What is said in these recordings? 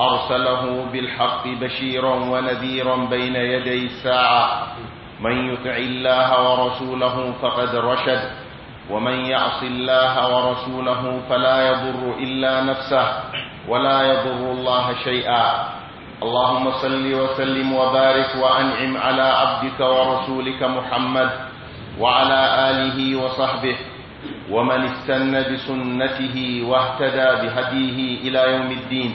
أرسله بالحق بشيرا ونذيرا بين يدي الساعة من يطع الله ورسوله فقد رشد ومن يعص الله ورسوله فلا يضر إلا نفسه ولا يضر الله شيئا اللهم صل وسلم وبارك وأنعم على عبدك ورسولك محمد وعلى آله وصحبه ومن استن بسنته واهتدى بهديه إلى يوم الدين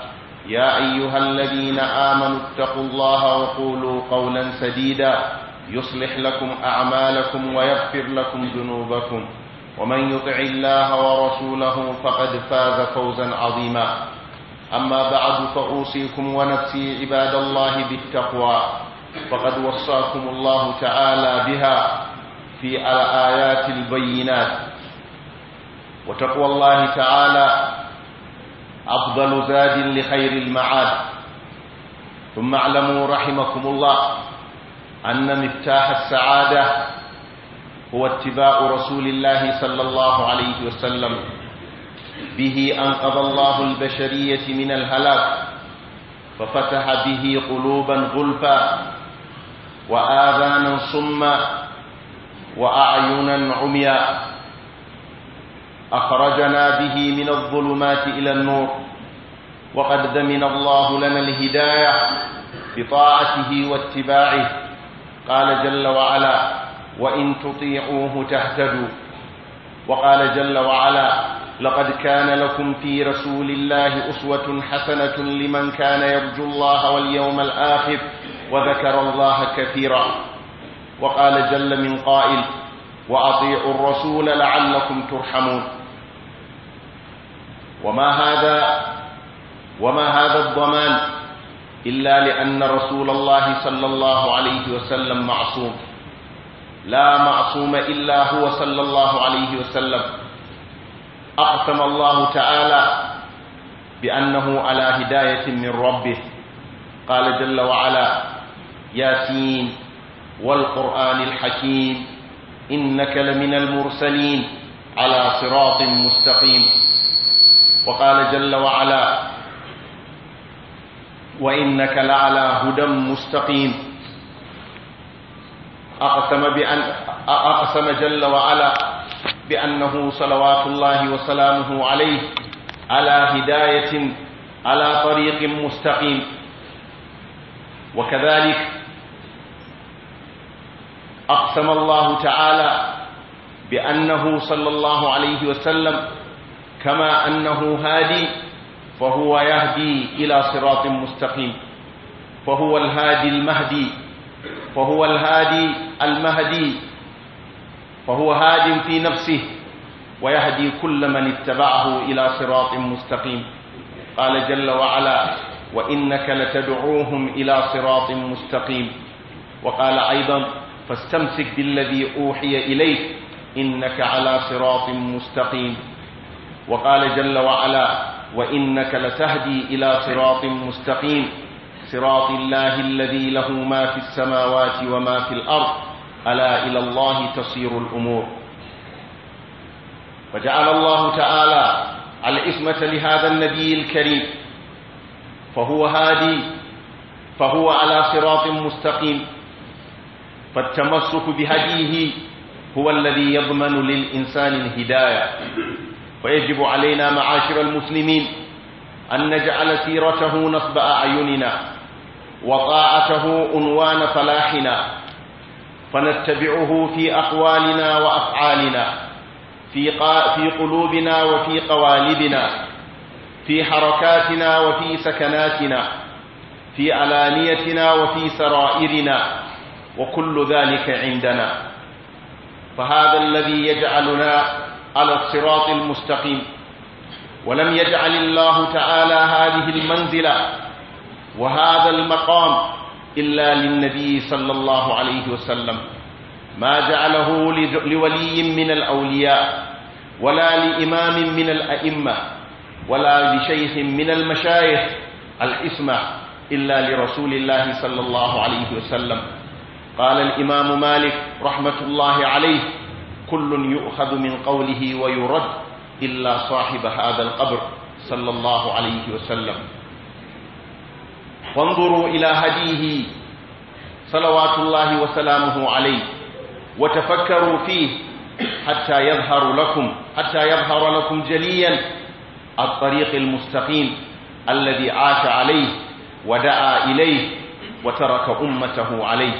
يا أيها الذين آمنوا اتقوا الله وقولوا قولا سديدا يصلح لكم أعمالكم ويغفر لكم ذنوبكم ومن يطع الله ورسوله فقد فاز فوزا عظيما أما بعد فأوصيكم ونفسي عباد الله بالتقوى فقد وصاكم الله تعالى بها في الآيات البينات وتقوى الله تعالى أفضل زاد لخير المعاد ثم اعلموا رحمكم الله أن مفتاح السعادة هو اتباع رسول الله صلى الله عليه وسلم به أنقذ الله البشرية من الهلاك ففتح به قلوبا غلفا وآذانا صما وأعينا عميا أخرجنا به من الظلمات إلى النور وقد ذمن الله لنا الهداية بطاعته واتباعه قال جل وعلا وإن تطيعوه تهتدوا وقال جل وعلا لقد كان لكم في رسول الله أسوة حسنة لمن كان يرجو الله واليوم الآخر وذكر الله كثيرا وقال جل من قائل وأطيعوا الرسول لعلكم ترحمون وما هذا وما هذا الضمان إلا لأن رسول الله صلى الله عليه وسلم معصوم لا معصوم إلا هو صلى الله عليه وسلم أقسم الله تعالى بأنه على هداية من ربه قال جل وعلا ياسين والقرآن الحكيم إنك لمن المرسلين على صراط مستقيم وقال جل وعلا وإنك لعلى هدى مستقيم أقسم, بأن أقسم جل وعلا بأنه صلوات الله وسلامه عليه على هداية على طريق مستقيم وكذلك أقسم الله تعالى بأنه صلى الله عليه وسلم كما أنه هادي فهو يهدي إلى صراط مستقيم فهو الهادي المهدي فهو الهادي المهدي فهو هاد في نفسه ويهدي كل من اتبعه إلى صراط مستقيم قال جل وعلا وإنك لتدعوهم إلى صراط مستقيم وقال أيضا فاستمسك بالذي أوحي إليك إنك على صراط مستقيم وقال جل وعلا وإنك لتهدي إلى صراط مستقيم صراط الله الذي له ما في السماوات وما في الأرض ألا إلى الله تصير الأمور فجعل الله تعالى الإسمة لهذا النبي الكريم فهو هادي فهو على صراط مستقيم فالتمسك بهديه هو الذي يضمن للإنسان الهداية فيجب علينا معاشر المسلمين أن نجعل سيرته نصب أعيننا وطاعته عنوان صلاحنا فنتبعه في أقوالنا وأفعالنا في, في قلوبنا وفي قوالبنا في حركاتنا وفي سكناتنا في علانيتنا وفي سرائرنا وكل ذلك عندنا فهذا الذي يجعلنا على الصراط المستقيم ولم يجعل الله تعالى هذه المنزلة وهذا المقام إلا للنبي صلى الله عليه وسلم ما جعله لولي من الأولياء ولا لإمام من الأئمة ولا لشيخ من المشايخ الإسمة إلا لرسول الله صلى الله عليه وسلم قال الإمام مالك رحمة الله عليه كل يؤخذ من قوله ويرد إلا صاحب هذا القبر صلى الله عليه وسلم وانظروا إلى هديه صلوات الله وسلامه عليه وتفكروا فيه حتى يظهر لكم حتى يظهر لكم جليا الطريق المستقيم الذي عاش عليه ودعا إليه وترك أمته عليه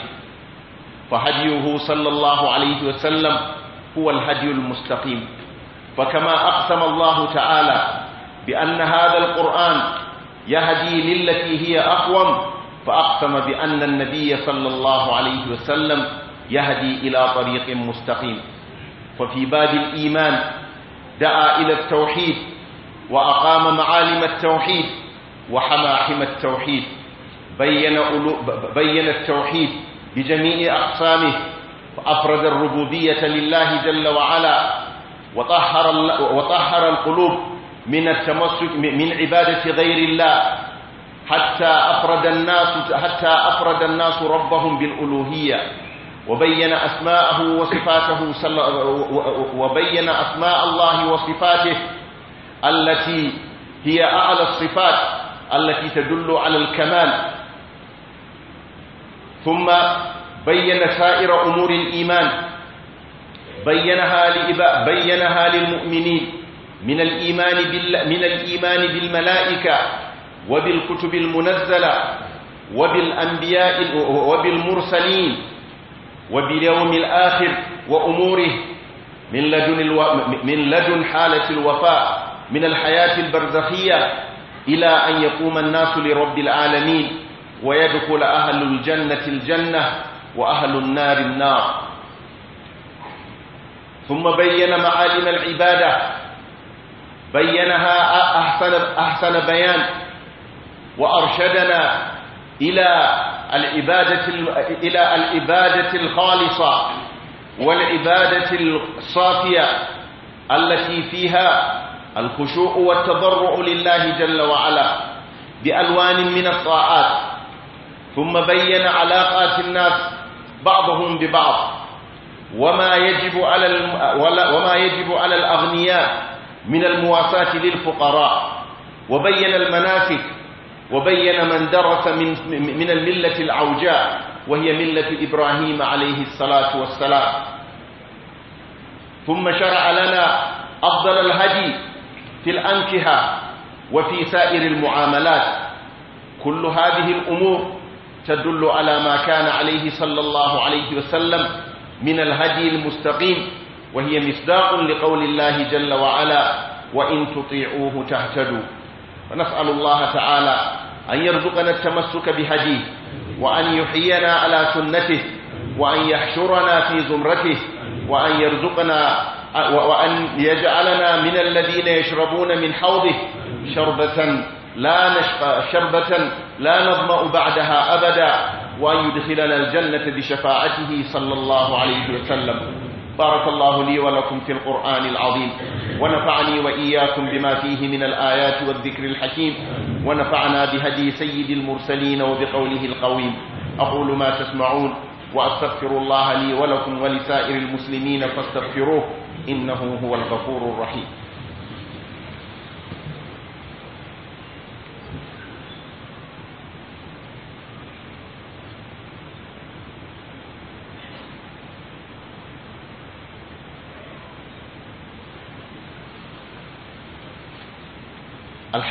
فهديه صلى الله عليه وسلم هو الهدي المستقيم فكما أقسم الله تعالى بأن هذا القرآن يهدي للتي هي أقوم فأقسم بأن النبي صلى الله عليه وسلم يهدي إلى طريق مستقيم ففي باب الإيمان دعا إلى التوحيد وأقام معالم التوحيد وحما حما التوحيد بين, بين التوحيد بجميع أقسامه أفرد الربوبية لله جل وعلا وطهر, وطهر القلوب من التمسك من عبادة غير الله حتى أفرد الناس حتى أفرد الناس ربهم بالألوهية وبين أسماءه وصفاته وبين أسماء الله وصفاته التي هي أعلى الصفات التي تدل على الكمال ثم بين سائر أمور الإيمان بينها لإباء بينها للمؤمنين من الإيمان بال من الإيمان بالملائكة وبالكتب المنزلة وبالأنبياء وبالمرسلين وباليوم الآخر وأموره من لدن الو... من لدن حالة الوفاء من الحياة البرزخية إلى أن يقوم الناس لرب العالمين ويدخل أهل الجنة الجنة وأهل النار النار ثم بين معالم العبادة بينها أحسن, أحسن بيان وأرشدنا إلى العبادة, إلى العبادة الخالصة والعبادة الصافية التي فيها الخشوع والتضرع لله جل وعلا بألوان من الطاعات ثم بين علاقات الناس بعضهم ببعض وما يجب على وما يجب على الأغنياء من المواساة للفقراء وبين المناسك وبين من درس من من الملة العوجاء وهي ملة إبراهيم عليه الصلاة والسلام ثم شرع لنا أفضل الهدي في الأنكهة وفي سائر المعاملات كل هذه الأمور تدل على ما كان عليه صلى الله عليه وسلم من الهدي المستقيم وهي مصداق لقول الله جل وعلا وإن تطيعوه تهتدوا ونسأل الله تعالى أن يرزقنا التمسك بهديه وأن يحيينا على سنته وأن يحشرنا في زمرته وأن يرزقنا وأن يجعلنا من الذين يشربون من حوضه شربة لا نشفى شربة لا نظمأ بعدها أبدا وأن يدخلنا الجنة بشفاعته صلى الله عليه وسلم بارك الله لي ولكم في القرآن العظيم ونفعني وإياكم بما فيه من الآيات والذكر الحكيم ونفعنا بهدي سيد المرسلين وبقوله القويم أقول ما تسمعون وأستغفر الله لي ولكم ولسائر المسلمين فاستغفروه إنه هو الغفور الرحيم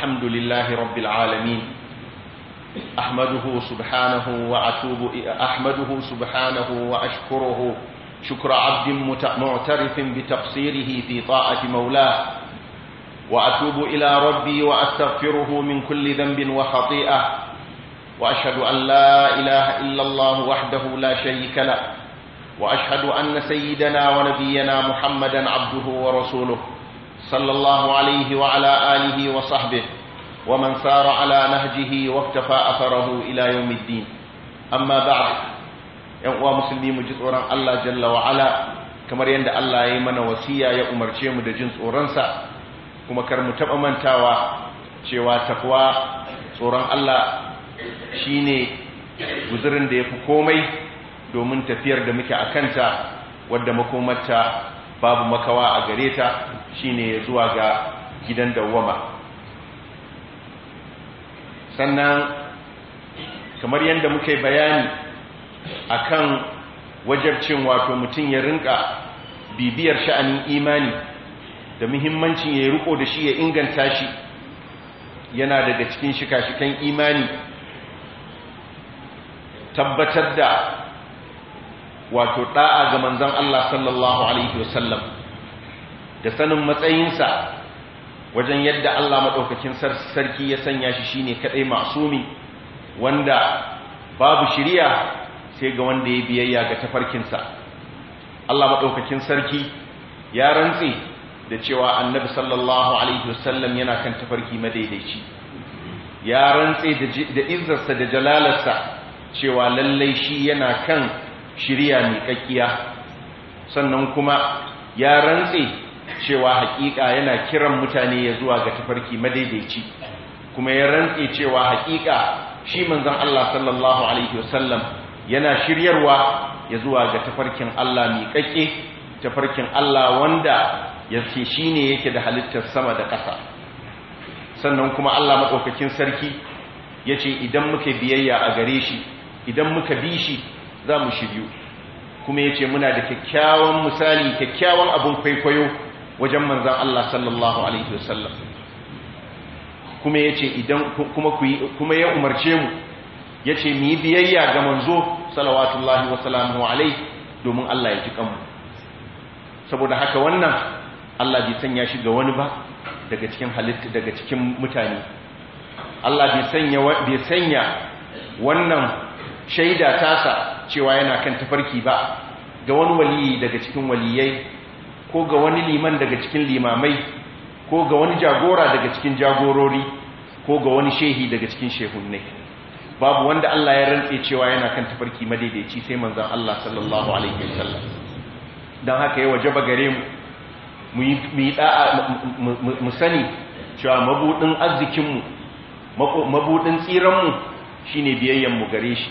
الحمد لله رب العالمين أحمده سبحانه وأتوب أحمده سبحانه وأشكره شكر عبد معترف بتقصيره في طاعة مولاه وأتوب إلى ربي وأستغفره من كل ذنب وخطيئة وأشهد أن لا إله إلا الله وحده لا شريك له وأشهد أن سيدنا ونبينا محمدا عبده ورسوله صلى الله عليه وعلى آله وصحبه ومن سار على نهجه واكتفى أثره إلى يوم الدين أما بعد يقوى مسلمي مجزورا الله جل وعلا kamar yadda Allah ya yi mana wasiya ya umarce mu da jin tsoronsa kuma kar mu taɓa mantawa cewa takwa tsoron Allah shine guzurin da ya fi komai domin tafiyar da muke a kanta wadda makomata. babu makawa a gare ta shine zuwa ga gidan dawwama sannan kamar yadda muke bayani akan wajabcin wato mutum ya rinka bibiyar sha'anin imani da muhimmancin ya yi riko da shi ya inganta shi yana daga cikin shika-shikan imani tabbatar da wato da'a ga manzan Allah sallallahu alaihi wasallam da sanin matsayinsa wajen yadda Allah madaukakin sarki ya sanya shi shine kadai masumi wanda babu shiriya sai ga wanda ya biyayya ga tafarkinsa Allah madaukakin sarki ya rantsi da cewa annabi sallallahu alaihi wasallam yana kan tafarki madaidaici ya rantse da izzarsa da jalalarsa cewa lallai shi yana kan shirya mai sannan kuma ya rantse cewa hakika yana kiran mutane ya zuwa ga tafarki madaidaici kuma ya rantse cewa haƙiƙa shi manzon Allah sallallahu alaihi wasallam yana shiryarwa ya zuwa ga tafarkin Allah miƙaƙe tafarkin Allah wanda ya ce shi ne yake da halittar sama da ƙasa sannan kuma Allah madaukakin sarki ya ce idan muka biyayya a gare shi idan muka bi shi za mu shiryu kuma ya ce muna da kyakkyawan misali kyakkyawan abin kwaikwayo wajen manzan Allah sallallahu alaihi wasallam kuma ce idan kuma ya umarce mu ce mu yi biyayya ga manzo sallallahu wa sallamu alaihi domin Allah ya ji kanmu saboda haka wannan Allah bai sanya shi ga wani ba daga cikin halittu daga cikin mutane Allah bai sanya wannan shaida tasa cewa yana kan tafarki ba ga wani waliyi daga cikin waliyai ko ga wani liman daga cikin limamai ko ga wani jagora daga cikin jagorori ko ga wani shehi daga cikin shehunne babu wanda Allah ya rantse cewa yana kan tafarki madaidaici sai manzon Allah sallallahu alaihi wasallam dan haka ya wajaba gare mu mu yi mu sani cewa mabudin arzikinmu mabudin tsiranmu shine mu gare shi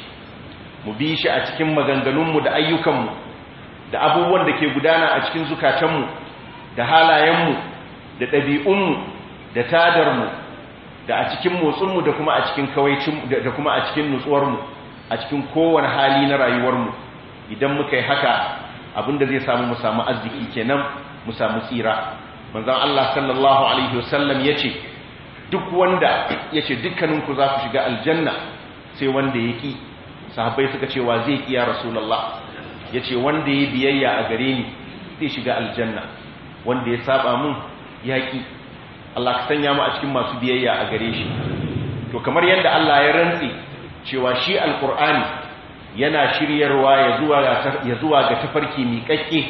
mu bi shi a cikin maganganunmu da ayyukanmu da abubuwan da ke gudana a cikin zukatanmu da halayenmu da ɗabi'unmu da tadarmu da a cikin motsinmu da kuma a cikin nutsuwarmu a cikin kowane hali na rayuwarmu idan muka yi haka abin da zai samu mu samu arziki kenan mu samu tsira manzon Allah sallallahu alaihi wasallam yace duk wanda yace dukkaninku za ku shiga aljanna sai wanda yake sahabbai suka ce wa zai kiya rasulullah yace wanda ya biyayya a gare ni zai shiga aljanna wanda ya saba mun yaƙi Allah ka sanya mu a cikin masu biyayya a gare shi to kamar yadda Allah ya rantsi cewa shi alqur'ani yana shiryarwa ya zuwa ga tafarki miƙaƙƙe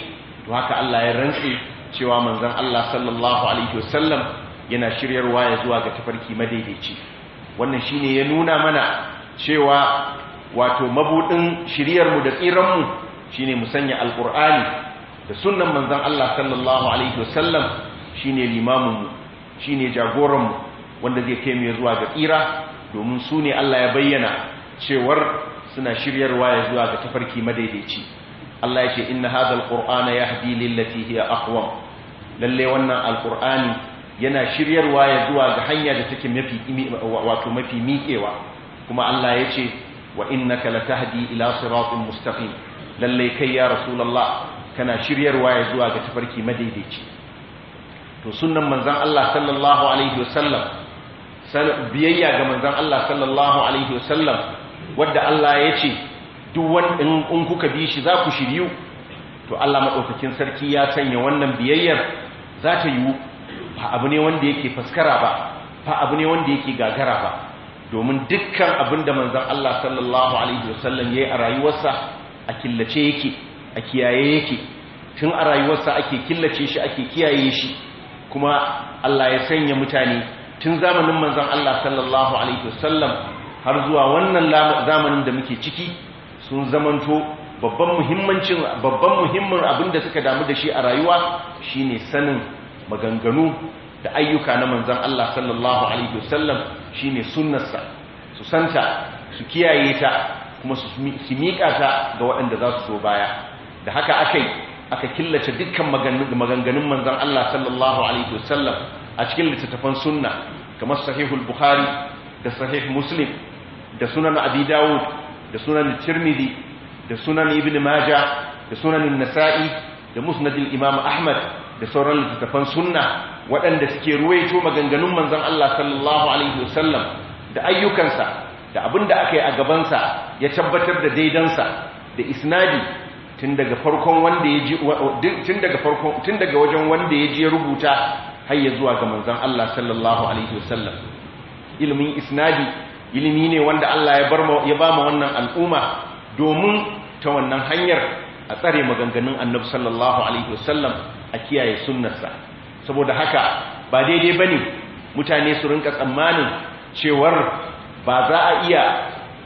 to haka Allah ya rantsi cewa manzon Allah sallallahu alaihi wasallam yana shiryarwa ya zuwa ga tafarki madaidaici wannan shine ya nuna mana cewa wato mabudin shiryarmu da tsiranmu shine mu sanya alqur'ani da sunnan manzon Allah sallallahu alaihi wasallam shi limamin mu shine ne jagoranmu, wanda zai kai mu zuwa ga tsira domin su ne Allah ya bayyana cewar suna shiryarwa ya zuwa ga tafarki madaidaici Allah yake inna hadha ya yahdi lillati hiya aqwam lalle wannan alqur'ani yana shiryarwa ya zuwa ga hanya da take mafi wato mafi miƙewa kuma Allah ya ce. wa innaka latahdi ila siratin mustaqim lalle kai ya rasulullah kana shiryarwa ya zuwa ga tafarki madaidaici to sunnan manzon Allah sallallahu alaihi wasallam biyayya ga manzon Allah sallallahu alaihi sallam, wanda Allah ya ce duk wanda in kuka bi shi za ku shiryu to Allah madaukakin sarki ya sanya wannan biyayyar za ta yiwu ba abu ne wanda yake faskara ba ba abu ne wanda yake gagara ba domin dukkan abin da manzon Allah sallallahu alaihi wasallam yi a rayuwarsa a killace yake a kiyaye yake tun a rayuwarsa ake killace shi ake kiyaye shi kuma Allah ya sanya mutane tun zamanin manzan Allah sallallahu alaihi wasallam har zuwa wannan zamanin da muke ciki sun zamanto babban muhimmancin muhimmin abin da suka damu da shi a rayuwa shi ne sanin maganganu da ayyuka na manzan Allah sallallahu alaihi wasallam shine sunnarsa su santa su kiyaye ta kuma su miƙa ta ga waɗanda za su zo baya da haka akai aka killace dukkan maganganun manzan Allah sallallahu alaihi wasallam a cikin littattafan sunna kamar sahihul bukhari da sahih muslim da sunan abi dawud da sunan tirmidhi da sunan ibn majah da sunan nasa'i da musnadil imam ahmad da sauran littattafan sunna waɗanda suke ruwaito maganganun manzon Allah sallallahu alaihi wasallam da ayyukansa da abin da aka yi a gabansa ya tabbatar da daidansa da isnadi tun daga farkon wanda ya ji wajen wanda ya ji rubuta har ya zuwa ga manzon Allah sallallahu alaihi wasallam ilimin isnadi ilimi ne wanda Allah ya bar ya ba mu wannan al'umma domin ta wannan hanyar a tsare maganganun annabi sallallahu alaihi wasallam a kiyaye sunnarsa saboda haka ba daidai bane mutane su rinka tsammanin cewar ba za a iya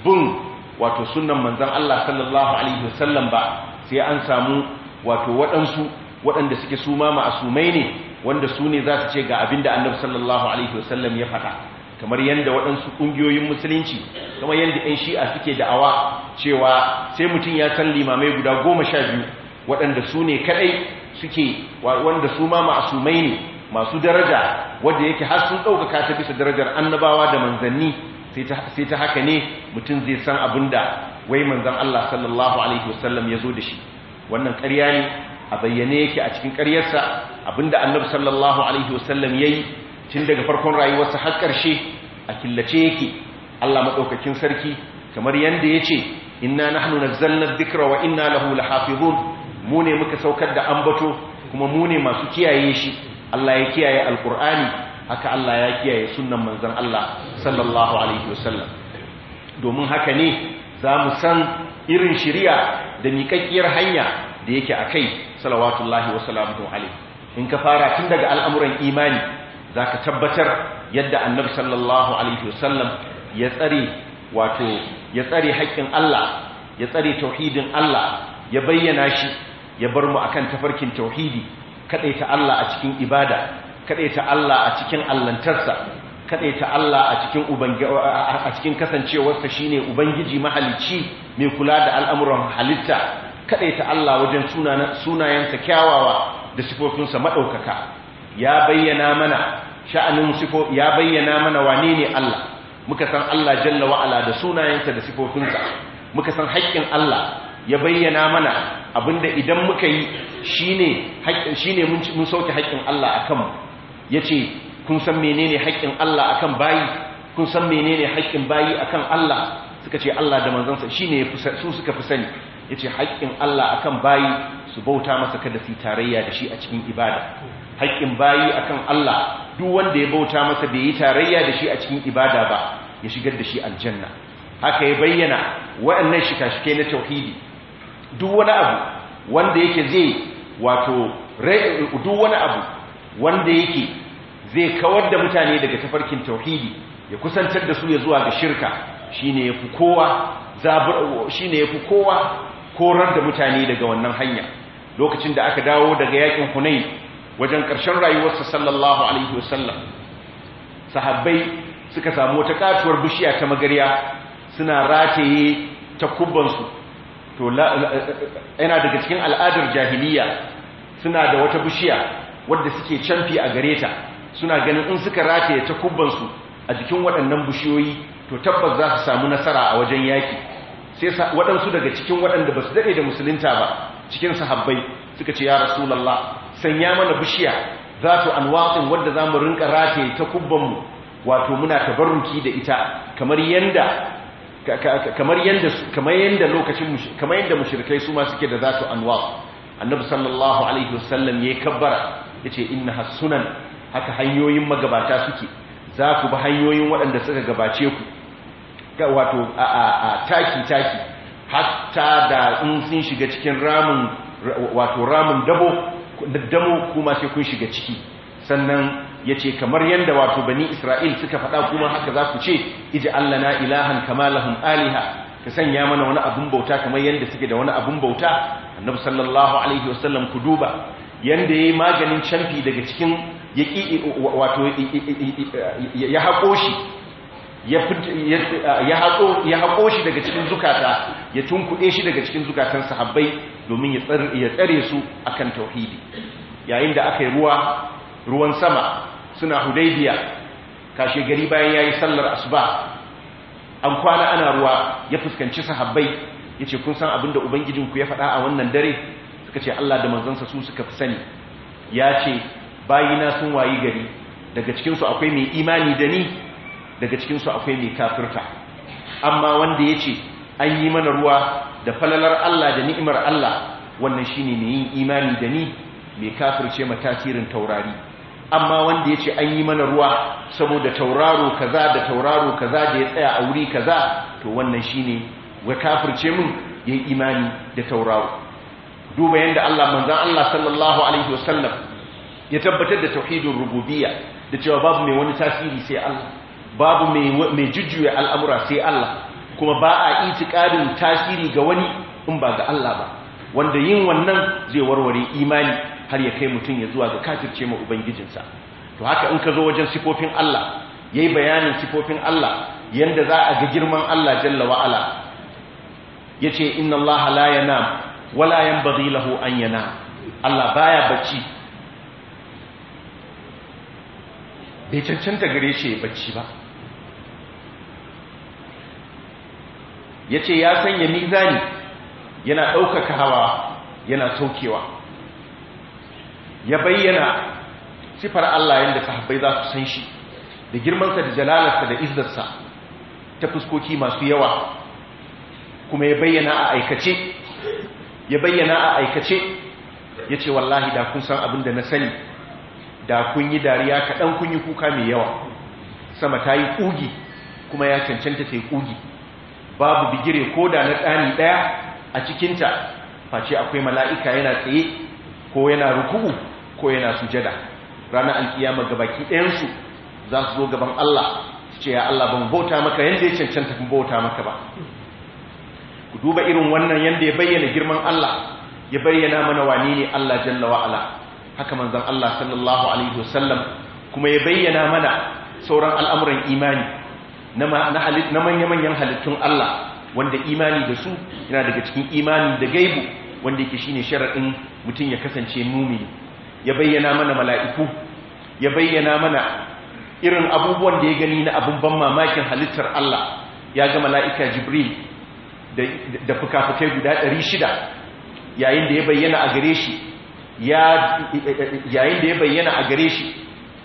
bin wato sunnan manzon Allah sallallahu alaihi wasallam ba sai an samu wato waɗansu waɗanda suke su ma ma'asumai ne wanda su ne za su ce ga abinda annabi sallallahu alaihi wasallam ya faɗa kamar yadda waɗansu ƙungiyoyin musulunci kamar yadda 'yan shi'a suke da'awa cewa sai mutum ya san limamai guda goma sha biyu waɗanda su ne kaɗai suke wanda su ma ma'asumai ne masu daraja wanda yake har sun ɗaukaka ta bisa darajar annabawa da manzanni sai ta haka ne mutum zai san abin da wai manzan Allah sallallahu alaihi wasallam ya zo da shi wannan ƙarya ne a bayyane yake a cikin ƙaryarsa abinda Annab sallallahu alaihi wasallam ya yi tun daga farkon rayuwarsa har ƙarshe a killace yake Allah maɗaukakin sarki kamar yadda ya ce inna nahnu nazzalna dhikra wa inna lahu lahafizun mu ne muka saukar da ambato kuma mu ne masu kiyaye shi Allah ya kiyaye alkur'ani haka Allah ya kiyaye sunnan manzon Allah sallallahu alaihi wasallam domin haka ne za mu san irin shiriya da miƙaƙƙiyar hanya da yake akai salawatullahi wa alaihi in ka fara tun daga al'amuran imani zaka tabbatar yadda annabi sallallahu alaihi wasallam ya tsare wato ya tsare haƙƙin Allah ya tsare tauhidin Allah ya bayyana shi ya bar mu akan tafarkin tauhidi kadaita Allah a cikin ibada kadaita Allah a cikin allantarsa kadaita Allah a cikin ubangi a cikin kasancewarsa shine ubangiji mahalicci mai kula da al'amuran halitta kadaita Allah wajen sunayensa kyawawa da sifofinsa madaukaka ya bayyana mana sha'anin sifo ya bayyana mana wane ne Allah muka san Allah jalla wa'ala da sunayensa da sifofinsa muka san haƙƙin Allah ya bayyana mana abinda idan muka yi shine ne mun sauke haƙƙin Allah akan mu yace kun san menene haƙƙin Allah akan bayi kun san menene haƙƙin bayi akan Allah suka ce Allah da manzansa shine su suka fi sani yace haƙƙin Allah akan bayi su bauta masa kada su tarayya da shi a cikin ibada haƙƙin bayi akan Allah duk wanda ya bauta masa bai yi tarayya da shi a cikin ibada ba ya shigar da shi aljanna haka ya bayyana waɗannan shika-shike na tauhidi duk wani abu wanda yake zai wato duk wani abu wanda yake zai kawar da mutane daga tafarkin tauhidi ya kusantar da su ya zuwa ga shirka shine yafi kowa shine yafi kowa korar da mutane daga wannan hanya lokacin da aka dawo daga yakin Hunain wajen ƙarshen rayuwarsa sallallahu alaihi wasallam sahabbai suka samu wata katuwar bishiya ta magariya suna rataye ta kubbansu. to yana daga cikin al'adar jahiliya suna da wata bishiya wadda suke canfi a gare ta suna ganin in suka rataye ta kubbansu a jikin waɗannan bishiyoyi to tabbas za su samu nasara a wajen yaki sai waɗansu daga cikin waɗanda ba su daɗe da musulunta ba cikin sahabbai suka ce ya rasulallah sanya mana bishiya za su anwatsin wadda za mu rinka rataye ta kubbanmu wato muna tabarruki da ita kamar yanda kamar yanda kamar yanda lokacin kamar yanda mushrikai su ma suke da zatu anwa annabi sallallahu alaihi wasallam yayin kabbara yace inna sunan haka hanyoyin magabata suke za ku bi hanyoyin waɗanda suka gabace ku ga wato a a a taki taki hatta da in sun shiga cikin ramin wato ramin dabo damo kuma sai kun shiga ciki sannan ya ce kamar yadda wato bani isra'il suka faɗa kuma haka za ku ce iji Allah na ilahan kamalahun aliha ka sanya mana wani abun bauta kamar yadda suke da wani abun bauta annabi sallallahu alaihi wasallam ku duba yadda ya yi maganin canfi daga cikin ƙi wato ya haƙo shi ya haƙo shi daga cikin zukata ya tunkuɗe shi daga cikin zukatan sahabbai domin ya tsare su akan tauhidi yayin da aka yi ruwa ruwan sama suna hudaibiya kashe gari bayan ya yi sallar asuba an kwana ana ruwa ya fuskanci sahabbai yace kun san abinda ubangijinku ya faɗa a wannan dare suka ce Allah da manzansa su suka fi sani ya ce bayina sun wayi gari daga cikinsu akwai mai imani da ni daga cikinsu akwai mai kafirta amma wanda ya ce an yi mana ruwa da falalar Allah da ni'imar Allah wannan shine mai yin imani da ni mai kafirce matasirin taurari amma wanda ya ce an yi mana ruwa saboda tauraro kaza da tauraro kaza da ya tsaya a wuri kaza to wannan shine wa kafirce mun yin imani da tauraro duba yanda Allah manzon Allah sallallahu alaihi wasallam ya tabbatar da tauhidin rububiyya da cewa babu mai wani tasiri sai Allah babu mai mai jujjuya al'amura sai Allah kuma ba a ƙarin tasiri ga wani in ba ga Allah ba wanda yin wannan zai warware imani har ya kai mutum ya zuwa ga kafirce ma ubangijinsa to haka in ka zo wajen sifofin Allah yayi bayanin sifofin Allah yanda za a ga girman Allah jalla wa ala yace inna Allah la yanam wala yanbaghi lahu an yanam Allah baya bacci bai cancanta gare shi ya bacci ba Ya ce ya sanya nizani yana ɗaukaka hawa yana saukewa ya bayyana sifar Allah yadda sahabbai za su san shi da girmansa da jalalarsa da izzarsa ta fuskoki masu yawa kuma ya bayyana a aikace ya bayyana a aikace ya ce wallahi da kun san abin da na sani da kun yi dariya kaɗan kun yi kuka mai yawa sama ta yi ƙugi kuma ya cancanta ta yi ƙugi babu bigire ko da na ɗani ɗaya a cikinta face akwai mala'ika yana tsaye ko yana rukuhu ko yana sujada ranar alkiyama gabaki ɗayansu za su zo gaban Allah su ce ya Allah ban bauta maka yadda ya cancanta ban bauta maka ba ku duba irin wannan yadda ya bayyana girman Allah ya bayyana mana wani ne Allah jalla wa'ala haka manzon Allah sallallahu alaihi wasallam kuma ya bayyana mana sauran al'amuran imani na manya-manyan halittun Allah wanda imani da su yana daga cikin imani da gaibu wanda yake shine sharaɗin mutum ya kasance mumini ya bayyana mana mala'iku ya bayyana mana irin abubuwan da ya gani na abin ban mamakin halittar Allah ya ga mala'ika jibril da fuka-fukai guda 600 yayin da ya bayyana a gare shi yayin da ya bayyana a gare shi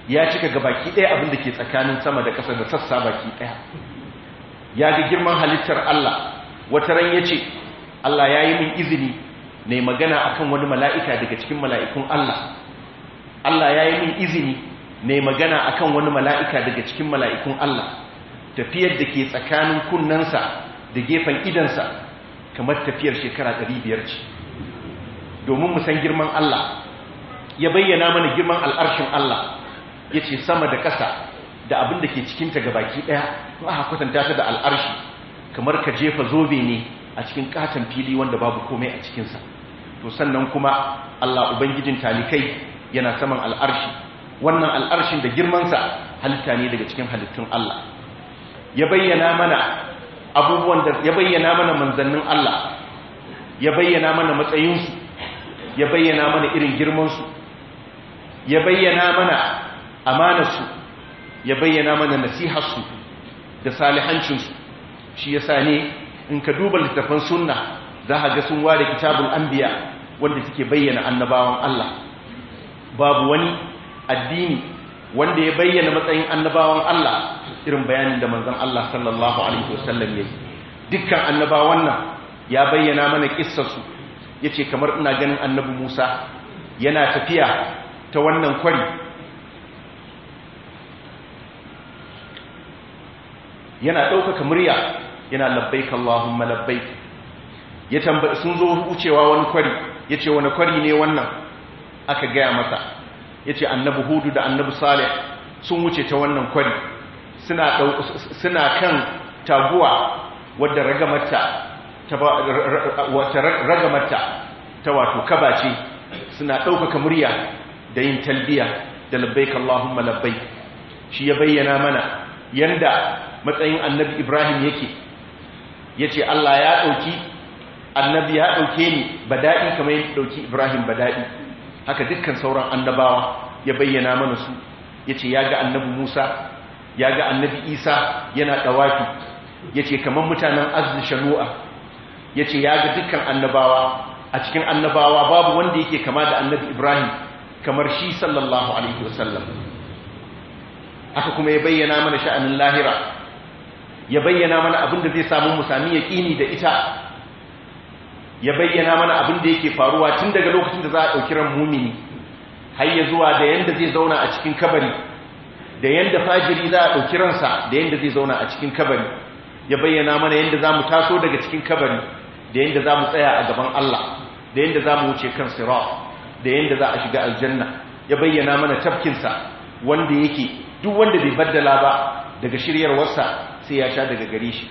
ya cika ga baki ɗaya abin da ke tsakanin sama da ƙasa da sassa baki ɗaya ya ga girman halittar Allah wata ran ya ce Allah ya yi min izini ne magana akan wani mala'ika daga cikin mala'ikun Allah Allah ya yi min izini ne magana akan wani mala'ika daga cikin mala'ikun Allah tafiyar da ke tsakanin kunnensa da gefen idansa kamar tafiyar shekara ɗari biyar ce domin musan girman Allah ya bayyana mana girman al'arshin Allah ya ce sama da ƙasa da abin da ke cikinta ga baki ɗaya ba a kwatanta ta da al'arshi kamar ka jefa zobe ne a cikin katon fili wanda babu komai a cikinsa to sannan kuma Allah Ubangijin talikai yana saman al'arshi wannan al'arshin da girmansa halitta ne daga cikin halittun Allah ya bayyana mana abubuwan da ya bayyana mana manzannin Allah ya bayyana mana matsayinsu ya bayyana mana irin girmansu ya bayyana mana amanarsu ya bayyana mana nasiharsu da salihancinsu shi yasa ne in ka duba littafan sunna za ka ga sun ware kitabun anbiya wanda suke bayyana annabawan Allah babu wani addini wanda ya bayyana matsayin annabawan Allah irin bayanin da manzon Allah sallallahu alaihi wasallam yayi dukkan annabawan nan ya bayyana mana kissarsu yace kamar ina ganin annabi Musa yana tafiya ta wannan kwari yana ɗaukaka murya yana labbaik Allahumma labbaik ya tambaye sun zo wucewa wani kwari yace wani kwari ne wannan aka gaya masa ya ce annabi hudu da annabi salih sun wuce ta wannan kwari suna kan taguwa wadda ragamata ta wato kabace suna ɗaukaka murya da yin talbiya da labbaik Allahumma labbaik shi ya bayyana mana yanda matsayin annabi Ibrahim yake ce Allah ya ɗauki annabi ya ɗauke ni ba daɗi kamar yadda ɗauki Ibrahim ba daɗi. haka dukkan sauran annabawa ya bayyana mana su yace ya ga annabi Musa ya ga annabi Isa yana Ya yace kamar mutanen azzi shanu'a yace ya ga dukkan annabawa a cikin annabawa babu wanda yake kama da annabi Ibrahim kamar shi sallallahu alaihi wasallam aka kuma ya bayyana mana sha'anin lahira ya bayyana mana abin da zai samu mu yaƙini da ita ya bayyana mana abin da yake faruwa tun daga lokacin da za a ɗauki ran mumini har ya zuwa da yanda zai zauna a cikin kabari da yanda fajiri za a ɗauki ransa da yanda zai zauna a cikin kabari ya bayyana mana yanda za mu taso daga cikin kabari da yanda za mu tsaya a gaban Allah da yanda za mu wuce kan sirat da yanda za a shiga aljanna ya bayyana mana tafkinsa wanda yake duk wanda bai baddala ba daga shiryarwarsa sai ya sha daga gare shi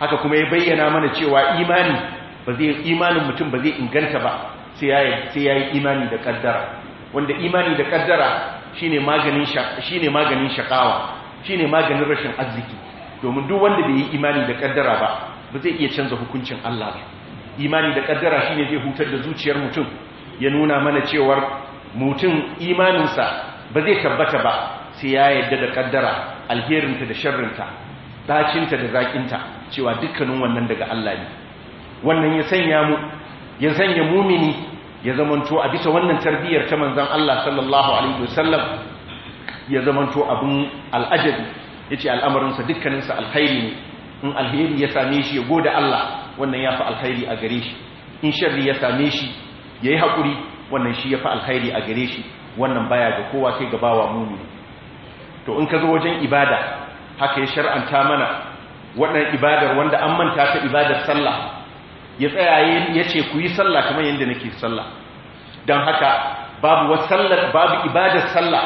haka kuma ya bayyana mana cewa imani ba zai imanin mutum ba zai inganta ba sai ya yi imani da kaddara wanda imani da kaddara shine maganin maganin shakawa shine maganin rashin arziki domin duk wanda bai yi imani da kaddara ba ba zai iya canza hukuncin Allah ba imani da kaddara ne zai hutar da zuciyar mutum ya nuna mana cewar mutum imaninsa ba zai tabbata ba sai ya yadda da kaddara alherinta da sharrinta dacinta da zaƙinta cewa dukkanin wannan daga Allah ne wannan ya sanya mu ya sanya mumini ya zamanto a bisa wannan tarbiyyar ta manzon Allah sallallahu alaihi wasallam ya zamanto abin al'ajabi yace al'amarin sa dukkanin sa alkhairi ne in alheri ya same shi ya gode Allah wannan yafi alkhairi a gare shi in sharri ya same shi yayi hakuri wannan shi yafi alkhairi a gare shi wannan baya ga kowa sai ga bawa mumini to in ka zo wajen ibada haka ya shar'anta mana wannan ibadar wanda an manta ta ibadar sallah ya tsaya ya ce ku yi sallah kamar yadda nake sallah don haka babu ibadar sallah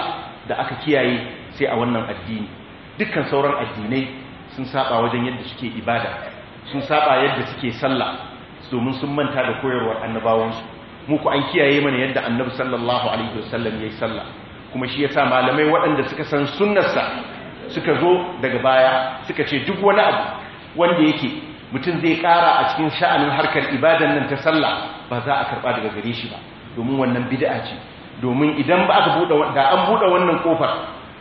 da aka kiyaye sai a wannan addini dukkan sauran addinai sun saba wajen yadda suke ibada sun saba yadda suke sallah domin sun manta da koyarwar annabawansu mu ku an kiyaye mana yadda annabi sallallahu alaihi wasallam yayi sallah kuma shi yasa malamai waɗanda suka san sunnarsa suka zo daga baya suka ce duk wani abu wanda yake mutum zai kara a cikin sha'anin harkar ibadan nan ta sallah ba za a karba daga gare shi ba domin wannan bid'a ce domin idan ba aka bude da an buɗe wannan kofar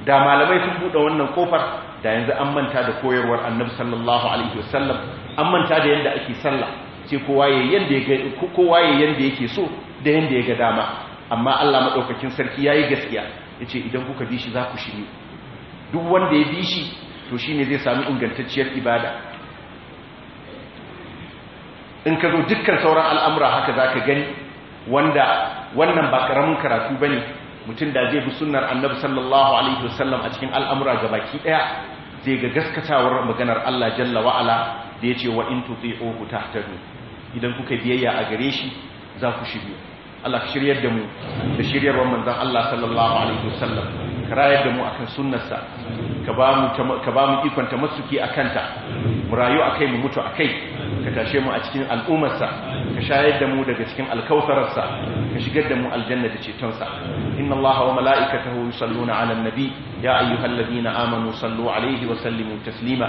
da malamai sun buɗe wannan kofar da yanzu an manta da koyarwar Annabi sallallahu alaihi wasallam an manta da yanda ake sallah ce kowa ya yanda yake ya yanda so da yanda ya ga dama amma Allah madaukakin sarki yayi gaskiya ya ce idan kuka bi shi za ku shiri duk wanda ya bi shi to shi ne zai samu ingantacciyar ibada in ka zo dukkan sauran al'amura haka za ka gani wanda wannan ba karamin karatu ba ne mutum da zai bi sunnar annabi sallallahu alaihi wasallam a cikin al'amura ga baki ɗaya zai ga gaskatawar maganar Allah jalla wa'ala da ya ce wa in ta tahtadu idan kuka biyayya a gare shi za ku shiryu Allah ka shiryar da mu da shiryarwar manzon Allah sallallahu alaihi wasallam ka rayar da mu akan sunnarsa ka ba mu ikon ta masuki akanta mu rayu akai mu mutu akai ka tashe mu a cikin al'ummarsa ka shayar da mu daga cikin alkautararsa ka shigar da mu aljanna da cetonsa inna allaha wa mala'ikatahu yusalluna 'alan nabi ya ayyuhalladhina amanu sallu 'alayhi wa sallimu taslima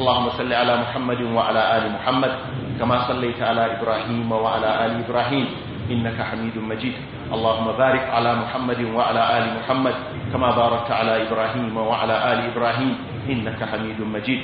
allahumma salli 'ala muhammadin wa 'ala ali muhammad kama sallaita 'ala ibrahim wa 'ala ali ibrahim innaka hamidum majid اللهم بارك على محمد وعلى آل محمد كما باركت على إبراهيم وعلى آل إبراهيم إنك حميد مجيد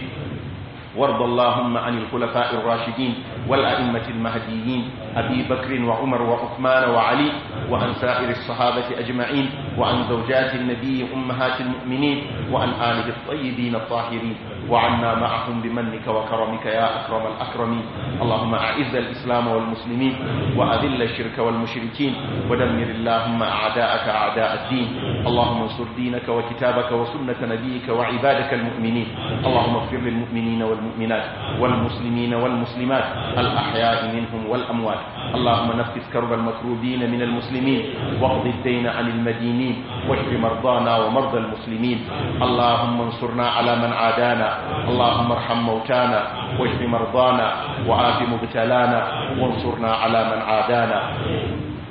وارض اللهم عن الخلفاء الراشدين والأئمة المهديين أبي بكر وعمر وعثمان وعلي وعن سائر الصحابة أجمعين وعن زوجات النبي أمهات المؤمنين وعن آله الطيبين الطاهرين وعنا معهم بمنك وكرمك يا أكرم الأكرمين اللهم أعز الإسلام والمسلمين وأذل الشرك والمشركين ودمر اللهم أعداءك أعداء الدين اللهم انصر دينك وكتابك وسنة نبيك وعبادك المؤمنين اللهم اغفر للمؤمنين والمؤمنات والمسلمين والمسلمات الأحياء منهم والأموات اللهم نفس كرب المكروبين من المسلمين واقض الدين عن المدينين واشف مرضانا ومرضى المسلمين اللهم انصرنا على من عادانا اللهم ارحم موتانا واشف مرضانا وعاف مبتلانا وانصرنا على من عادانا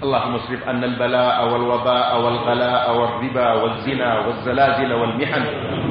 اللهم اصرف عنا البلاء والوباء والغلاء والربا والزنا والزلازل والمحن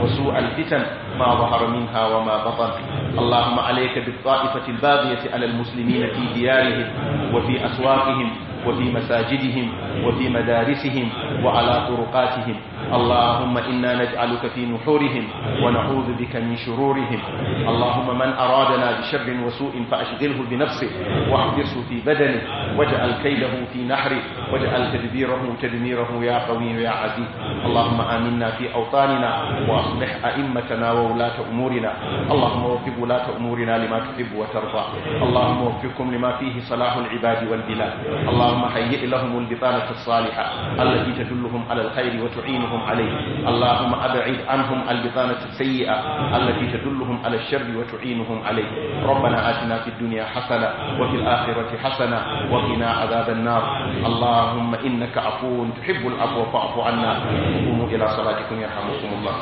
وسوء الفتن ما ظهر منها وما بطن اللهم عليك بالطائفة الباغية على المسلمين في ديارهم وفي أسواقهم وفي مساجدهم وفي مدارسهم وعلى طرقاتهم اللهم إنا نجعلك في نحورهم ونعوذ بك من شرورهم اللهم من أرادنا بشر وسوء فأشغله بنفسه واحبسه في بدنه واجعل كيده في نحره واجعل تدبيره تدميره يا قوي يا عزيز اللهم آمنا في أوطاننا وأصلح أئمتنا وولاة أمورنا اللهم وفق ولاة أمورنا لما تحب وترضى اللهم وفقهم لما فيه صلاح العباد والبلاد اللهم هيئ لهم البطانة الصالحة التي تدلهم على الخير وتعينهم عليه اللهم أبعد عنهم البطانة السيئة التي تدلهم على الشر وتعينهم عليه ربنا آتنا في الدنيا حسنة وفي الآخرة حسنة وقنا عذاب النار اللهم إنك عفو تحب العفو فاعف عنا قوموا إلى صلاتكم يرحمكم الله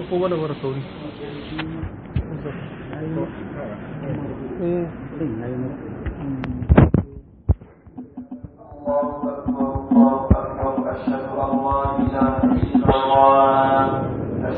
Thank you. ừ. الله أشهد أن لا إله إلا الله